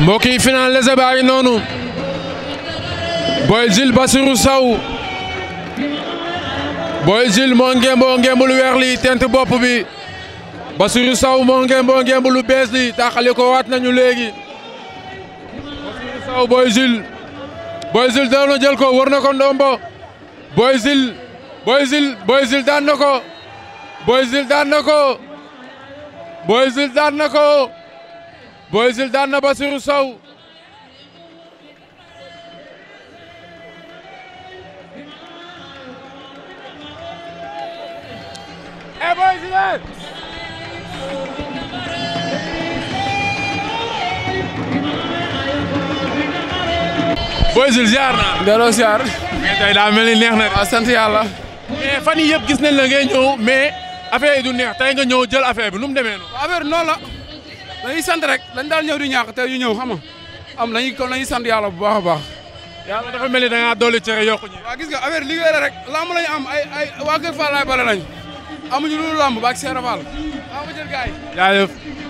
mbokk yi final lese baa ngi noonu Boy Jules Bassirou Sow Boy Jules moo ngemboo ngembul weer li tent bopp bi Bassirou Sow moo ngemboo ngembulu bees li taxali ko waat nañu léegi Bassirou Sow Boy Jules Boy jël ko wër na ko ndombo Boy Jules Boy Jules Boy Jules daan na ko Boy Jules daan ko Boy Jules daan ko Boy Jules daan na Basirou Sow e Boy Jules Boy Jules ziar naa delloo ziar mais tey daa mel ni neex na waaw sant yàlla mais fan yi yëpp gis nañ la ngay ñëw mais affaire yi du neex tey nga ñëw jël affaire bi nu mu demee noonu affaire noonu la dañuy sant rek dañ daal ñëw di ñaax te ñu ñëw xam nga am lañuy kon lañuy sant yàlla bu baax a baax. yàlla dafa mel ni da ngaa dolli cere yokku ñi. waaw gis nga affaire liggéey la rek lamb lañu am ay ay waa Kër Fall laay amuñu lu lamb ba ak Serap Fall. waaw ma jël gars